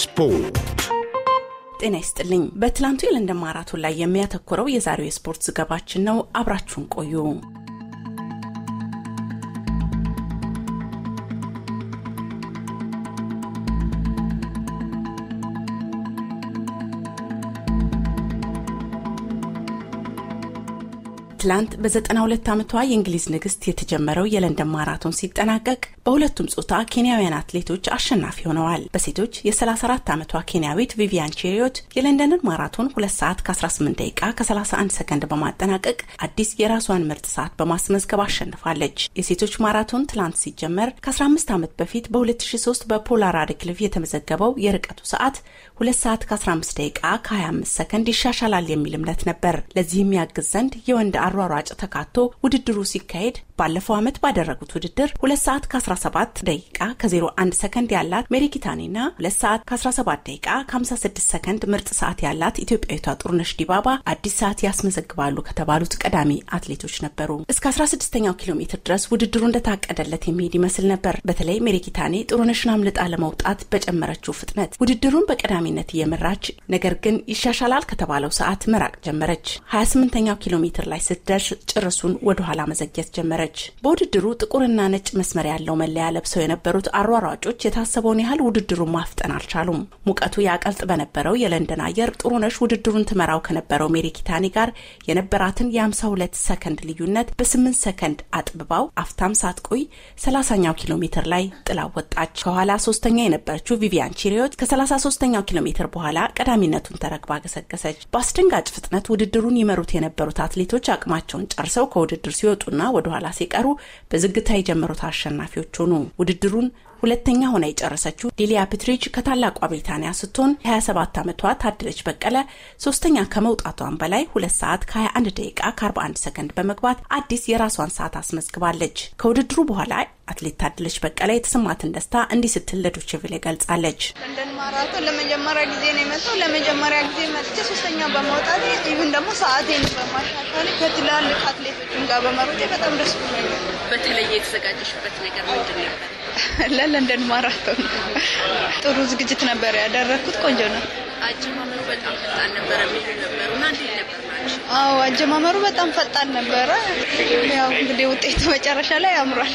ስፖርት ጤና ይስጥልኝ። በትላንቱ የለንደን ማራቶን ላይ የሚያተኩረው የዛሬው የስፖርት ዝገባችን ነው። አብራችሁን ቆዩ። ትላንት በ92 ዓመቷ የእንግሊዝ ንግሥት የተጀመረው የለንደን ማራቶን ሲጠናቀቅ በሁለቱም ጾታ ኬንያውያን አትሌቶች አሸናፊ ሆነዋል። በሴቶች የ34 ዓመቷ ኬንያዊት ቪቪያን ቼሪዮት የለንደንን ማራቶን 2 ሰዓት ከ18 ደቂቃ ከ31 ሰከንድ በማጠናቀቅ አዲስ የራሷን ምርጥ ሰዓት በማስመዝገብ አሸንፋለች። የሴቶች ማራቶን ትላንት ሲጀመር ከ15 ዓመት በፊት በ2003 በፖላር አድክልፍ የተመዘገበው የርቀቱ ሰዓት 2 ሰዓት ከ15 ደቂቃ ከ25 ሰከንድ ይሻሻላል የሚል እምነት ነበር። ለዚህም ያግዝ ዘንድ የወንድ አሯሯጭ ተካቶ ውድድሩ ሲካሄድ ባለፈው ዓመት ባደረጉት ውድድር 2 ሰዓት ከ15 7 ደቂቃ ከ01 ሰከንድ ያላት ሜሪ 2 ሰዓት ከ17 ደቂቃ ከ56 ሰከንድ ምርጥ ሰዓት ያላት ኢትዮጵያዊቷ ጥሩነሽ ዲባባ አዲስ ሰዓት ያስመዘግባሉ ከተባሉት ቀዳሚ አትሌቶች ነበሩ። እስከ 16ኛው ኪሎ ሜትር ድረስ ውድድሩ እንደታቀደለት የሚሄድ ይመስል ነበር። በተለይ ሜሪኪታኔ ጥሩነሽን አምልጣ ለመውጣት በጨመረችው ፍጥነት ውድድሩን በቀዳሚነት እየመራች ነገር ግን ይሻሻላል ከተባለው ሰዓት መራቅ ጀመረች። 28ኛው ኪሎ ሜትር ላይ ስትደርስ ጭርሱን ወደኋላ መዘግየት ጀመረች። በውድድሩ ጥቁርና ነጭ መስመር ያለው መለያ ለብሰው የነበሩት አሯሯጮች የታሰበውን ያህል ውድድሩን ማፍጠን አልቻሉም። ሙቀቱ ያቀልጥ በነበረው የለንደን አየር ጥሩነሽ ውድድሩን ትመራው ከነበረው ሜሪኪታኒ ጋር የነበራትን የ52 ሰከንድ ልዩነት በ8 ሰከንድ አጥብባው አፍታም ሳትቆይ 30ኛው ኪሎ ሜትር ላይ ጥላ ወጣች። ከኋላ ሶስተኛ የነበረችው ቪቪያን ቺሪዮት ከ33ኛው ኪሎ ሜትር በኋላ ቀዳሚነቱን ተረክባ ገሰገሰች። በአስደንጋጭ ፍጥነት ውድድሩን ይመሩት የነበሩት አትሌቶች አቅማቸውን ጨርሰው ከውድድር ሲወጡና ወደኋላ ሲቀሩ በዝግታ የጀመሩት አሸናፊዎቹ መሆናቸው ነው። ውድድሩን ሁለተኛ ሆና የጨረሰችው ሊሊያ ፒትሪጅ ከታላቋ ብሪታንያ ስትሆን የ27 ዓመቷ ታደለች በቀለ ሶስተኛ ከመውጣቷን በላይ ሁለት ሰዓት ከ21 ደቂቃ ከ41 ሰከንድ በመግባት አዲስ የራሷን ሰዓት አስመዝግባለች። ከውድድሩ በኋላ አትሌት ታደለች በቀለ የተሰማትን ደስታ እንዲህ ስትል ለዶችቪሌ ገልጻለች። ለንደን ማራቶን ለመጀመሪያ ጊዜ ነው የመጣው። ለመጀመሪያ ጊዜ መጥቼ ሶስተኛ በመውጣት ኢቭን ደግሞ ሰዓቴን በማሻሻል ከትላልቅ አትሌቶችን ጋር በመሮጤ በጣም ደስ ብሎኛል። የተዘጋጀሽበት ነገር ምንድን ነበር? ለለንደን ማራቶን ጥሩ ዝግጅት ነበር ያደረግኩት። ቆንጆ ነው። አጀማመሩ በጣም ፈጣን ነበረ የሚሉ ነበሩ እና እንዴት ነበር አዎ አጀማመሩ በጣም ፈጣን ነበረ። ያው እንግዲህ ውጤቱ መጨረሻ ላይ ያምሯል።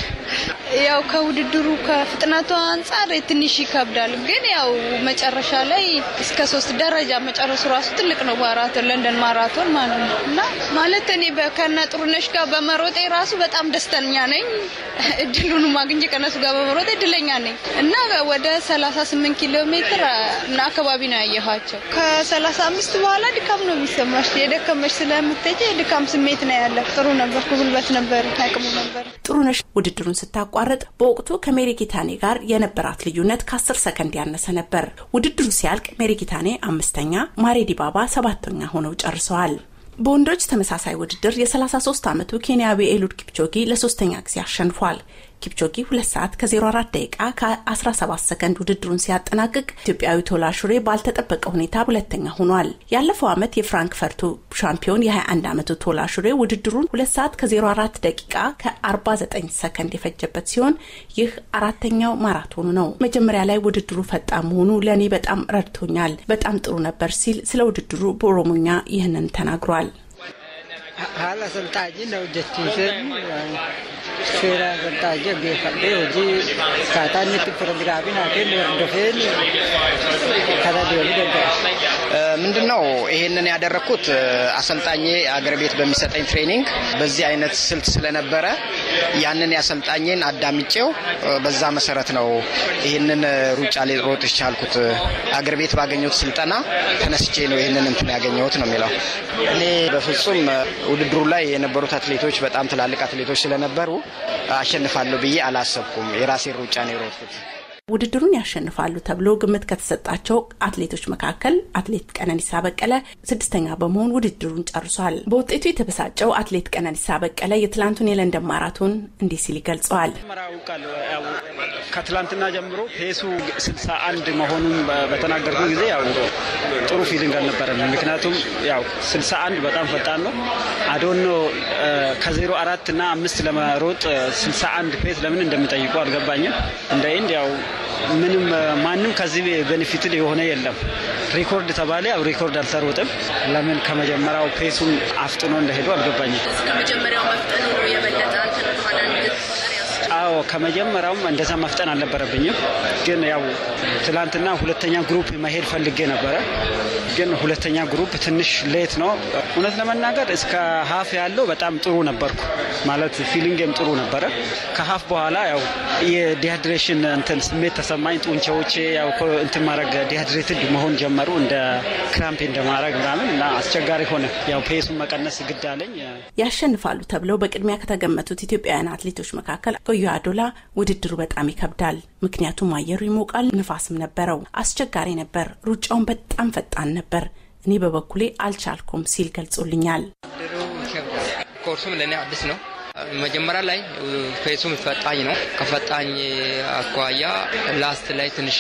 ያው ከውድድሩ ከፍጥነቱ አንጻር ትንሽ ይከብዳል፣ ግን ያው መጨረሻ ላይ እስከ ሶስት ደረጃ መጨረሱ ራሱ ትልቅ ነው። ማራቶን ለንደን ማራቶን ማለት ነው እና ማለት እኔ ከነ ጥሩነሽ ጋር በመሮጤ ራሱ በጣም ደስተኛ ነኝ። እድሉን ማግኘት ከነሱ ጋር በመሮጤ እድለኛ ነኝ እና ወደ 38 ኪሎ ሜትር አካባቢ ነው ያየኋቸው። ከ35 በኋላ ድካም ነው የሚሰማሽ፣ የደከመሽ ስለምትጨ የድካም ስሜት ነው ያለ። ጥሩ ነበር፣ ጉልበት ነበር፣ አቅሙ ነበር። ጥሩነሽ ውድድሩን ስታቋ ሲቋረጥ በወቅቱ ከሜሪ ጋር የነበራት ልዩነት ከአስር ሰከንድ ያነሰ ነበር። ውድድሩ ሲያልቅ ሜሪ አምስተኛ፣ ማሬ ዲባባ ሰባተኛ ሆነው ጨርሰዋል። በወንዶች ተመሳሳይ ውድድር የ33 ዓመቱ ኬንያዊ ኤሉድ ኪፕቾጊ ለሶስተኛ ጊዜ አሸንፏል። ኪፕቾጊ ሁለት ሰዓት ከ04 ደቂቃ ከ17 ሰከንድ ውድድሩን ሲያጠናቅቅ ኢትዮጵያዊ ቶላ ሹሬ ባልተጠበቀ ሁኔታ ሁለተኛ ሆኗል። ያለፈው ዓመት የፍራንክፈርቱ ሻምፒዮን የ21 ዓመቱ ቶላ ሹሬ ውድድሩን ሁለት ሰዓት ከ04 ደቂቃ ከ49 ሰከንድ የፈጀበት ሲሆን ይህ አራተኛው ማራቶኑ ነው። መጀመሪያ ላይ ውድድሩ ፈጣን መሆኑ ለእኔ በጣም ረድቶኛል፣ በጣም ጥሩ ነበር ሲል ስለ ውድድሩ በኦሮሞኛ ይህንን ተናግሯል። ಹಾಲು ಸಂತಾಜಿ ನಾವು ಜಸ್ತಿ ಸೇರ ಸಂತಾಜಿ ಬೇಕಂದ್ರೆ ಹೋಗಿ ಕಾತಾನಿ ಪುರದ್ರಾವಿನ ಹಾಕಿ ಡೊಫೇನು ಕದ ದೇವರಿಗೆ ምንድን ነው ይሄንን ያደረግኩት አሰልጣኜ አገር ቤት በሚሰጠኝ ትሬኒንግ በዚህ አይነት ስልት ስለነበረ ያንን ያሰልጣኝን አዳምጬው በዛ መሰረት ነው ይህንን ሩጫ ሮጥ ይቻልኩት። አገር ቤት ባገኘሁት ስልጠና ተነስቼ ነው ይህንን እንትን ያገኘሁት ነው የሚለው። እኔ በፍጹም ውድድሩ ላይ የነበሩት አትሌቶች በጣም ትላልቅ አትሌቶች ስለነበሩ አሸንፋለሁ ብዬ አላሰብኩም። የራሴን ሩጫ ነው የሮጥኩት። ውድድሩን ያሸንፋሉ ተብሎ ግምት ከተሰጣቸው አትሌቶች መካከል አትሌት ቀነኒሳ በቀለ ስድስተኛ በመሆን ውድድሩን ጨርሷል። በውጤቱ የተበሳጨው አትሌት ቀነኒሳ በቀለ የትላንቱን የለንደን ማራቶን እንዲህ ሲል ይገልጸዋል። ከትላንትና ጀምሮ ፔሱ 61 መሆኑን በተናገርኩ ጊዜ ያው ጥሩ ፊሊንግ አልነበረም። ምክንያቱም ያው 61 በጣም ፈጣን ነው። አዶኖ ከዜሮ አራት እና አምስት ለመሮጥ 61 ፔስ ለምን እንደሚጠይቁ አልገባኝም። እንደ ኢንድ ያው ምንም ማንም ከዚህ ቤኔፊት የሆነ የለም። ሪኮርድ ተባለ፣ ያው ሪኮርድ አልተሮጥም። ለምን ከመጀመሪያው ፔሱን አፍጥኖ እንደሄዱ አልገባኝም። ከመጀመሪያው መፍጠኑ ነው አዎ ከመጀመሪያውም እንደዛ መፍጠን አልነበረብኝም። ግን ያው ትላንትና ሁለተኛ ግሩፕ መሄድ ፈልጌ ነበረ። ግን ሁለተኛ ግሩፕ ትንሽ ሌት ነው። እውነት ለመናገር እስከ ሀፍ ያለው በጣም ጥሩ ነበርኩ ማለት ፊሊንግም ጥሩ ነበረ። ከሀፍ በኋላ ያው የዲሃድሬሽን እንትን ስሜት ተሰማኝ። ጡንቻዎቼ ያው እንትን ማድረግ ዲሃድሬትድ መሆን ጀመሩ፣ እንደ ክራምፕ እንደማድረግ ምናምን እና አስቸጋሪ ሆነ። ያው ፔሱን መቀነስ ግድ አለኝ። ያሸንፋሉ ተብለው በቅድሚያ ከተገመቱት ኢትዮጵያውያን አትሌቶች መካከል ቆዩ ዶላ ውድድሩ በጣም ይከብዳል። ምክንያቱም አየሩ ይሞቃል፣ ንፋስም ነበረው። አስቸጋሪ ነበር። ሩጫውን በጣም ፈጣን ነበር። እኔ በበኩሌ አልቻልኩም ሲል ገልጾልኛል። ኮርሱም ለእኔ አዲስ ነው። መጀመሪያ ላይ ፌሱም ፈጣኝ ነው። ከፈጣኝ አኳያ ላስት ላይ ትንሽ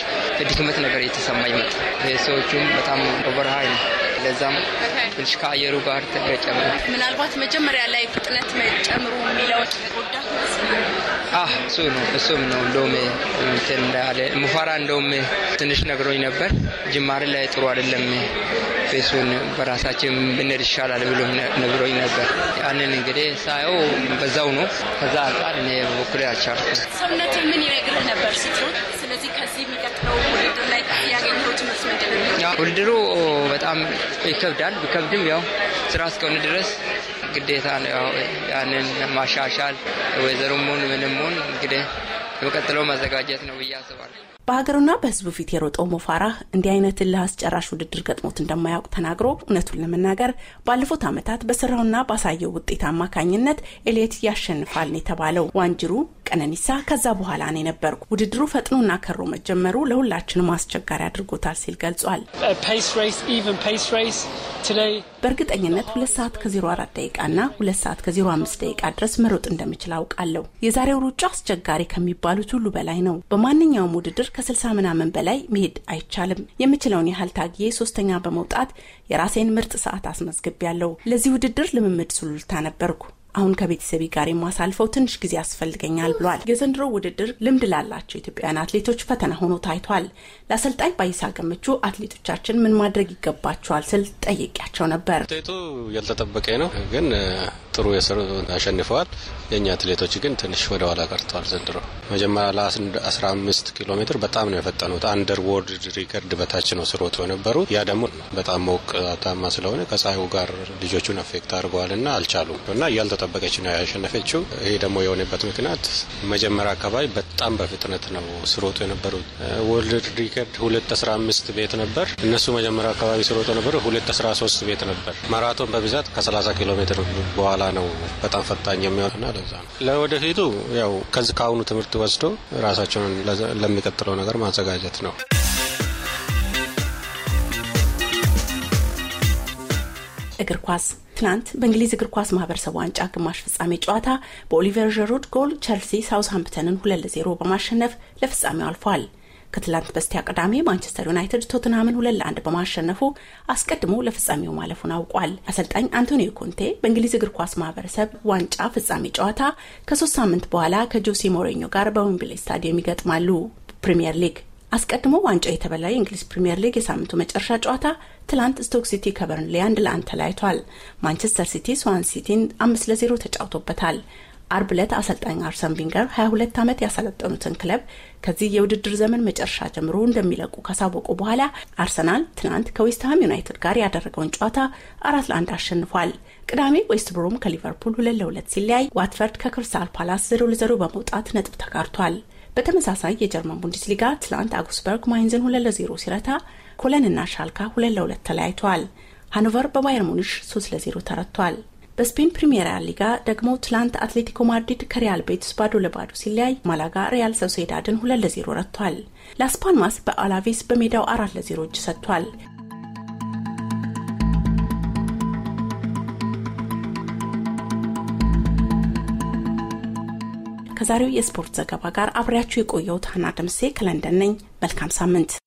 ድክመት ነገር የተሰማኝ መጣ። ፌሶቹም በጣም ኦቨርሃይ ነው። ለዛም ትንሽ ከአየሩ ጋር ተጨምሮ ምናልባት መጀመሪያ ላይ ፍጥነት መጨምሩ የሚለውን ጎዳ እሱ ነው እሱም ነው እንደውም እንትን እንዳለ ሙፈራ እንደውም ትንሽ ነግሮኝ ነበር። ጅማሬ ላይ ጥሩ አይደለም ፌሱን በራሳችን ብንሄድ ይሻላል ብሎ ነግሮኝ ነበር። ያንን እንግዲህ ሳየው በዛው ነው። ከዛ አንጻር እኔ በበኩሌ አልቻልኩም። ሰውነት ምን ይነግርህ ነበር ስትሮጥ? ስለዚህ ከዚህ የሚቀጥለው ውድድር ላይ ያገኘው ትምህርት ምንድን ነው? ውድድሩ በጣም ይከብዳል። ቢከብድም ያው ስራ እስከሆነ ድረስ ግዴታ ነው ያንን ማሻሻል ምንም ሙን እንግዲህ በቀጥለው ማዘጋጀት ነው ብዬ አስባለሁ። በሀገሩና በህዝቡ ፊት የሮጠው ሞፋራህ እንዲህ አይነት እልህ አስጨራሽ ውድድር ገጥሞት እንደማያውቅ ተናግሮ እውነቱን ለመናገር ባለፉት ዓመታት በስራውና ባሳየው ውጤት አማካኝነት ኤሌት ያሸንፋል የተባለው ዋንጅሩ ቀነኒሳ ከዛ በኋላ ነው የነበርኩ። ውድድሩ ፈጥኖና ከሮ መጀመሩ ለሁላችንም አስቸጋሪ አድርጎታል ሲል ገልጿል። በእርግጠኝነት ሁለት ሰዓት ከ04 ደቂቃ ና ሁለት ሰዓት ከ05 ደቂቃ ድረስ መሮጥ እንደምችል አውቃለሁ። የዛሬው ሩጫ አስቸጋሪ ከሚባሉት ሁሉ በላይ ነው። በማንኛውም ውድድር ከ60 ምናምን በላይ መሄድ አይቻልም። የምችለውን ያህል ታግዬ ሶስተኛ በመውጣት የራሴን ምርጥ ሰዓት ያለው ለዚህ ውድድር ልምምድ ሱሉልታ ነበርኩ። አሁን ከቤተሰቤ ጋር የማሳልፈው ትንሽ ጊዜ ያስፈልገኛል ብሏል። የዘንድሮ ውድድር ልምድ ላላቸው ኢትዮጵያውያን አትሌቶች ፈተና ሆኖ ታይቷል። ለአሰልጣኝ ባይሳ ገመቹ አትሌቶቻችን ምን ማድረግ ይገባቸዋል ስል ጠየቂያቸው ነበር። ውጤቱ ያልተጠበቀ ነው፣ ግን ጥሩ አሸንፈዋል። የእኛ አትሌቶች ግን ትንሽ ወደ ኋላ ቀርተዋል ዘንድሮ። መጀመሪያ ለ15 ኪሎ ሜትር በጣም ነው የፈጠኑት። አንደር ወርልድ ሪከርድ በታች ነው ስሮጡ የነበሩ። ያ ደግሞ በጣም ሞቃታማ ስለሆነ ከፀሐዩ ጋር ልጆቹን አፌክት አድርገዋልና አልቻሉም እና እያልተጠበቀች ነው ያሸነፈችው። ይሄ ደግሞ የሆነበት ምክንያት መጀመሪያ አካባቢ በጣም በፍጥነት ነው ስሮጡ የነበሩት። ወርልድ ሪከርድ 215 ቤት ነበር። እነሱ መጀመሪያ አካባቢ ስሮጡ የነበሩ 213 ቤት ነበር። ማራቶን በብዛት ከ30 ኪሎ ሜትር በኋላ ነው በጣም ፈጣኝ የሚሆንና እንደዛ ነው። ለወደፊቱ ያው ከዚህ ከአሁኑ ትምህርት ወስዶ ራሳቸውን ለሚቀጥለው ነገር ማዘጋጀት ነው። እግር ኳስ ትናንት በእንግሊዝ እግር ኳስ ማህበረሰብ ዋንጫ ግማሽ ፍጻሜ ጨዋታ በኦሊቨር ጀሮድ ጎል ቸልሲ ሳውዝሃምፕተንን ሁለት ለዜሮ በማሸነፍ ለፍጻሜው አልፏል። ከትላንት በስቲያ ቅዳሜ ማንቸስተር ዩናይትድ ቶትንሃምን ሁለት ለአንድ በማሸነፉ አስቀድሞ ለፍጻሜው ማለፉን አውቋል። አሰልጣኝ አንቶኒዮ ኮንቴ በእንግሊዝ እግር ኳስ ማህበረሰብ ዋንጫ ፍጻሜ ጨዋታ ከሶስት ሳምንት በኋላ ከጆሲ ሞሬኞ ጋር በዌምብሌ ስታዲየም ይገጥማሉ። ፕሪምየር ሊግ አስቀድሞ ዋንጫው የተበላ የእንግሊዝ ፕሪምየር ሊግ የሳምንቱ መጨረሻ ጨዋታ ትላንት ስቶክ ሲቲ ከበርንሊ አንድ ለአንድ ተለያይቷል። ማንቸስተር ሲቲ ስዋን ሲቲን አምስት ለዜሮ ተጫውቶበታል። አርብ ዕለት አሰልጣኝ አርሰን ቪንገር 22 ዓመት ያሰለጠኑትን ክለብ ከዚህ የውድድር ዘመን መጨረሻ ጀምሮ እንደሚለቁ ካሳወቁ በኋላ አርሰናል ትናንት ከዌስትሃም ዩናይትድ ጋር ያደረገውን ጨዋታ አራት ለአንድ አሸንፏል። ቅዳሜ ዌስት ብሮም ከሊቨርፑል ሁለት ለሁለት ሲለያይ፣ ዋትፈርድ ከክርስታል ፓላስ ዘሮ ለዘሮ በመውጣት ነጥብ ተጋርቷል። በተመሳሳይ የጀርመን ቡንደስሊጋ ትላንት አጉስበርግ ማይንዝን ሁለት ለዜሮ ሲረታ ኮለንና ሻልካ ሁለት ለሁለት ተለያይተዋል። ሃኖቨር በባየር ሙኒሽ ሶስት ለዜሮ ተረቷል። በስፔን ፕሪሚየራ ሊጋ ደግሞ ትላንት አትሌቲኮ ማድሪድ ከሪያል ቤቲስ ባዶ ለባዶ ሲለያይ ማላጋ ሪያል ሰውሴዳድን ሁለት ለዜሮ ረቷል። ላስ በአላቬስ በሜዳው አራት ለዜሮ እጅ ሰጥቷል። ከዛሬው የስፖርት ዘገባ ጋር አብሬያችሁ የቆየሁት ሀና ደምሴ ከለንደን ነኝ። መልካም ሳምንት።